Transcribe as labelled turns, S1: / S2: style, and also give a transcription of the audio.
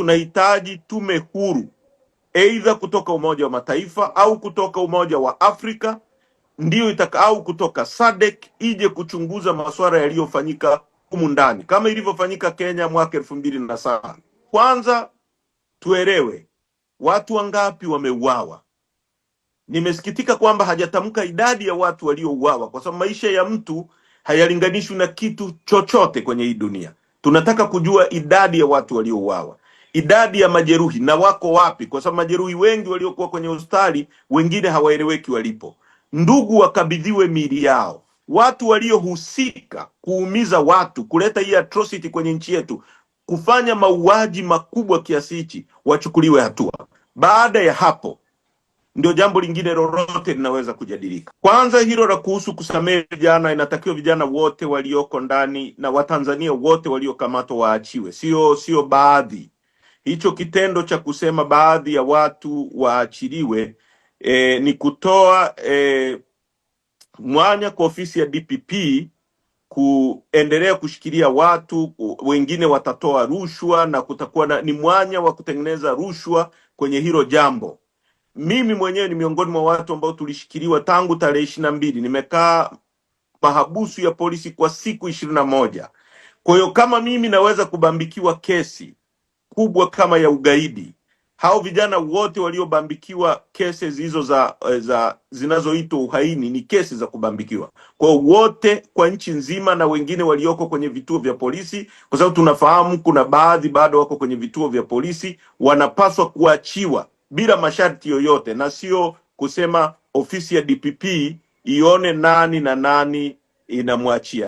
S1: tunahitaji tume huru aidha kutoka Umoja wa Mataifa au kutoka Umoja wa Afrika ndio itaka au kutoka SADC ije kuchunguza masuala yaliyofanyika humu ndani kama ilivyofanyika Kenya mwaka elfu mbili na saba. Kwanza tuelewe watu wangapi wameuawa. Nimesikitika kwamba hajatamka idadi ya watu waliouawa, kwa sababu maisha ya mtu hayalinganishwi na kitu chochote kwenye hii dunia. Tunataka kujua idadi ya watu waliouawa idadi ya majeruhi na wako wapi, kwa sababu majeruhi wengi waliokuwa kwenye hospitali wengine hawaeleweki walipo. Ndugu wakabidhiwe miili yao. Watu waliohusika kuumiza watu, kuleta hii atrocity kwenye nchi yetu, kufanya mauaji makubwa kiasi hichi, wachukuliwe hatua. Baada ya hapo ndio jambo lingine lolote linaweza kujadilika. Kwanza hilo la kuhusu kusamehe vijana, inatakiwa vijana wote walioko ndani na Watanzania wote waliokamatwa waachiwe, sio sio baadhi hicho kitendo cha kusema baadhi ya watu waachiliwe e, ni kutoa e, mwanya kwa ofisi ya DPP kuendelea kushikilia watu wengine, watatoa rushwa na kutakuwa na, ni mwanya wa kutengeneza rushwa kwenye hilo jambo. Mimi mwenyewe ni miongoni mwa watu ambao tulishikiliwa tangu tarehe ishirini na mbili. Nimekaa mahabusu ya polisi kwa siku ishirini na moja. Kwa hiyo kama mimi naweza kubambikiwa kesi kubwa kama ya ugaidi. Hao vijana wote waliobambikiwa kesi hizo za, eh, za zinazoitwa uhaini ni kesi za kubambikiwa kwa wote kwa nchi nzima, na wengine walioko kwenye vituo vya polisi, kwa sababu tunafahamu kuna baadhi bado wako kwenye vituo vya polisi, wanapaswa kuachiwa bila masharti yoyote, na sio kusema ofisi ya DPP ione nani na nani inamwachia.